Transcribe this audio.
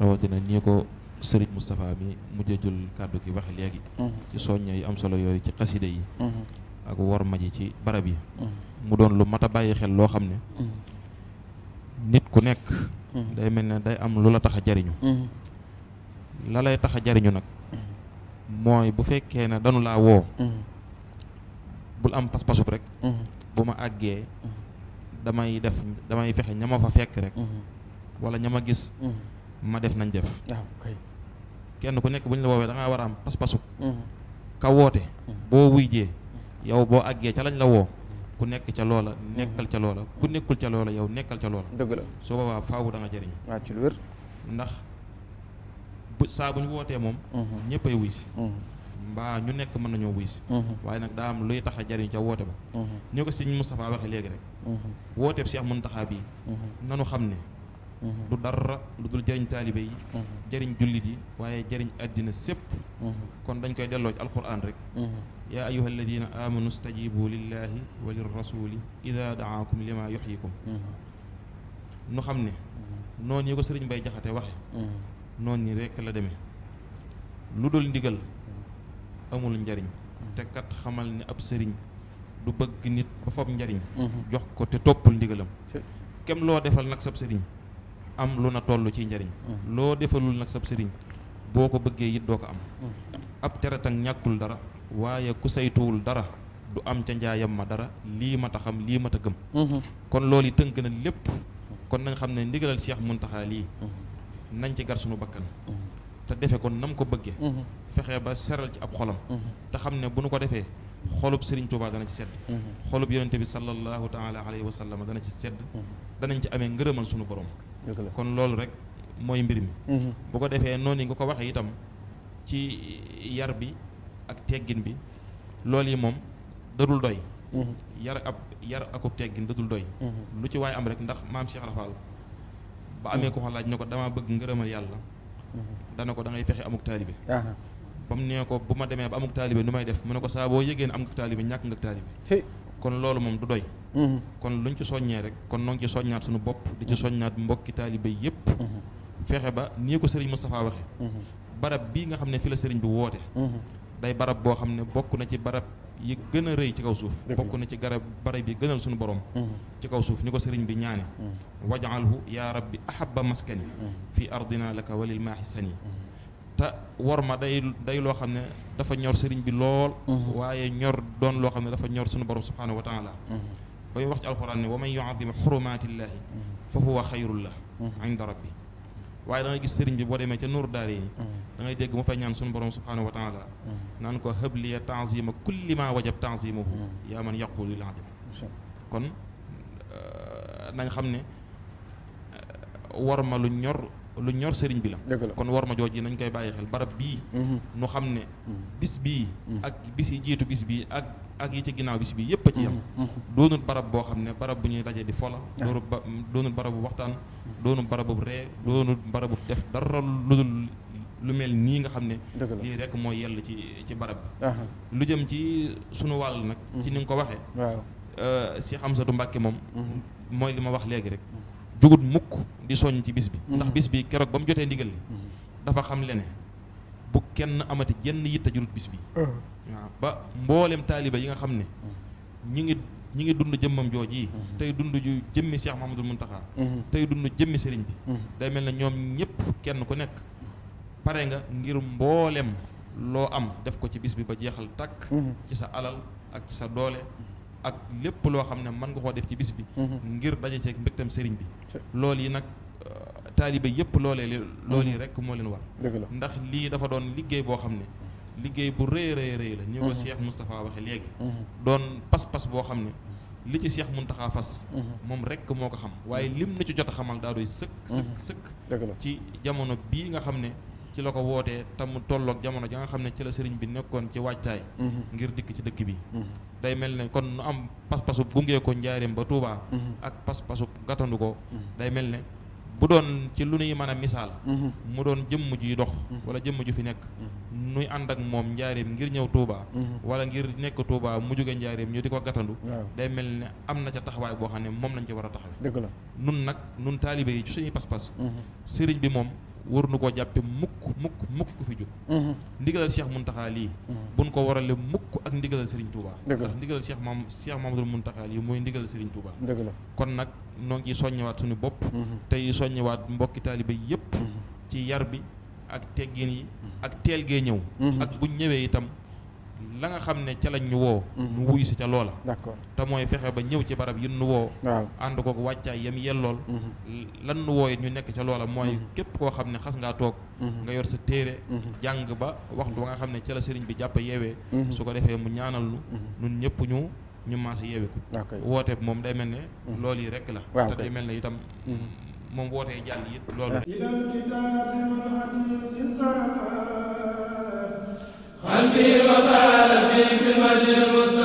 rawatina nii ko sëriñ Moustapha mi mujjee jël kàddu gi wax léegi mhm. ci soñña yi am solo yooyu ci xaside yi mhm. ak worma ji ci barab yi mhm. mu doon lu mat a bàyyi xel loo xam ne nit ku nekk day mel na day am lu la tax a jariñu la lay tax a jariñu nag mooy bu fekkee ne danu laa woo bul am pas-pasub rek bu ma àggee damay def damay fexe ña ma fa fekk rek wala ña gis ma def nañ def. Ah, kenn ku nekk bu ñu la woowee da ngaa war am pas-pasu. Mm-hmm. ka woote. Mm-hmm. boo wuyjee yow boo àggee ca lañ la woo. Mm-hmm. ku nekk ca loola. nekkal ca loola ku nekkul ca loola yow nekkal ca loola. dëgg la soo boobaa faawu danga nga jëriñ. waaw ci ndax bu saa bu ñu wootee moom. ñëpp ay wuy si. mbaa ñu nekk mën nañoo wuy si. waaye nag daa am luy tax a jëriñ ca woote ba. ñoo ko sëñ Moustapha waxee léegi rek. wooteeb Cheikh Mountakha bii. nanu xam ne. du dara lu dul jëriñ taalibe yi mhm. jëriñ jullit yi waaye jëriñ àddina sépp mhm. kon dañ koy delloo ci alquran rek mhm. yaa ayuha alladina amanu stajibu lillahi wa lirrasuli ida daakum lima yuxyikum nu xam ne noonu yi ko sëriñ bay jaxate waxe noonu ni rek la demee lu dul ndigal amul njariñ te kat xamal ni ab sëriñ du bëgg nit ba fab njariñ jox ko te toppul ndigalam kem loo defal nag sab sëriñ am lu na toll ci njariñ mm-hmm. loo defalul nag sab sëriñ boo ko bëggee it doo ko am mm-hmm. ab teretak ñàkkul dara waaye ku saytuwul dara du am ca njaayam ma dara lii ma ta xam lii ma ta gëm mm-hmm. kon loolu yi tënk na lépp kon nañ xam ne ndigalal Cheikh Muntaxa lii nañ ci gar sunu bakkan te defe ko nam ko bëgge fexe ba seral ci ab xolam te xam ne bu nu ko defee xolub Sëriñ Tuubaa dana ci sedd xolub yonente bi sallallahu taala alayhi wa sallam dana ci sedd danañ ci amee ngërëmal sunu borom kon loolu rek mooy mbir mi mhm. bu ko defee noonu nga ko waxee itam ci yar bi ak teggin bi loolu yi moom dadul doy mhm. yar ab yar akub teggin dadul doy mhm. lu ci waaye am rek ndax maam Cheikh Rafal ba amee ko xalaaj ne ko damaa bëgg ngërëmal yàlla dana ko da ngay fexe amuk taalibe ba mu nee ko bu ma demee ba amuk taalibe nu may def mu ne ko saaboo boo yëgee ne am nga taalibe ñàkk nga taalibe kon loolu moom du doy kon luñ ci soññé rek kon noo ngi ci soññaat suñu bop di ci soññaat mbokki talibé yépp fexe ba ni ko serigne mustapha waxe barab bi nga xamné fi la serigne bi woté day barab bo xamné bokku na ci barab yi gëna reuy ci kaw suuf bokku na ci garab barab bi gënal suñu borom ci kaw suuf ni ko serigne bi ñaane waj'alhu ya rabbi ahabba maskani fi ardina laka walil maaxi sani te war ma day day lo xamne dafa ñor serigne bi lool waye ñor doon lo xamne dafa ñor suñu borom subhanahu wa taala وي وخش القران ومن يعظم حرمات الله فهو خير له عند ربي واي دا نغي غيس سيرن بي بو ديمي تي نور داري دا نغي ديغ مو فاي نان سون بروم سبحانه وتعالى نانكو هب لي تعظيم كل ما وجب تعظيمه يا من يقول العظيم كون دا نغي خامني ورما لو نيور لو نيور سيرن بي لا كون ورما جوجي نان كاي باي خيل برب بي ak yi ci ginnaaw bis bi yépp a ci yam mm-hmm. mm-hmm. doonul barab boo xam ne barab bu ñuy daje di fola ah. doonul ba doonul barabu waxtaan mm-hmm. doonul barabu ree doonul bu def dara ludul lu mel nii nga xam ne lii rek moo yell ci ci barab bi lu jëm ci sunu wàll nag ci ni nga ko waxee si euh, Cheikh Hamsatou Mbacké moom mooy li ma wax léegi rek jugut mukk di soññ ci bis bi ndax bis bi keroog ba mu jotee ndigal li dafa xam le ne bu kenn amati jenn yitte jurut bis bi uh-huh. ba mboolem taaliba yi nga xam ne ñi ngi ñi ngi dund jëmmam jooj yi mm-hmm. tey dund ju jëmmi Cheikh mun Muntaxa mm-hmm. tey dund jëmmi sëriñ bi mm-hmm. day mel na ñoom ñëpp kenn ku nekk pare nga ngir mbooleem loo am def ko ci bis bi ba jeexal takk ci sa alal ak ci sa doole ak lépp loo xam ne mën nga koo def ci bis bi ngir daje ceeg mbégtam sëriñ bi lool yi nag euh, taaliba yëpp loolee loolee rekk moo leen war ndax lii dafa doon liggéey boo xam ne liggéey bu rëy rëy rëy la ñi ko mhm. Cheikh waxe léegi mhm. doon pas-pas boo xam ne li ci Cheikh Mountakha fas mhm. moom rekk moo ko xam waaye lim na ci jot a xamal daa doy sëkk sëkk sëkk ci jamono bii nga xam ne ci la ko wootee te mu tolloog jamono ja nga xam ne ci la sëriñ bi nekkoon ci waajtaay ngir dikk ci dëkk bi day mel ne kon nu am pas-pasub gungee ko njaareem ba Touba ak pas-pasub gàttandu ko day mel ne bu doon ci lu nuy mën a misaal mhm. mu doon jëmm juy dox mhm. wala jëmm ju fi nekk mhm. nuy ànd ak moom njaareem ngir ñëw Touba wala ngir nekk Touba mu jóge njaareem ñu di ko gàttandu day mel ne am na ca taxawaay boo xam ne moom lañ ci war a taxawee dëgg la nun nag nun taalibe yi ci suñuy pas-pas sëriñ bi moom war nu koo jàppe mukk mukk mukk ku fi jóg ndigalal Cheikh Muntaxa lii buñ ko warale mukk ak ndigalal Serigne Touba ndax ndigalal Cheikh maam Cheikh Mamadou Muntaxa lii mooy ndigalal Serigne Touba dëgg la kon nag noo ngi soññewaat suñu bopp mm-hmm. tey soññewaat mbokki taalibe yépp mm-hmm. ci yar bi ak teggin yi mm-hmm. ak teel gee ñëw ak buñ ñëwee itam la nga xam ne ca lañ ñu woo nu wuy si ca loola d'accord te mooy fexe ba ñëw ci barab yi nu woo waaw ànd kook wàccaay yam yellool lan nu wooye ñu nekk ca loola mooy képp koo xam ne xas ngaa toog nga yor sa téere jàng ba waxtu ba nga xam ne cala la sëriñ bi jàpp yeewee su ko defee mu ñaanal nu nun ñëpp ñu ñu maase yeewi ko woote moom day mel ne mm. loolu yi rek la te day mel ne itam mm. moom wootee jàll yi loolu ah. xalbi wa xaalabi bi madil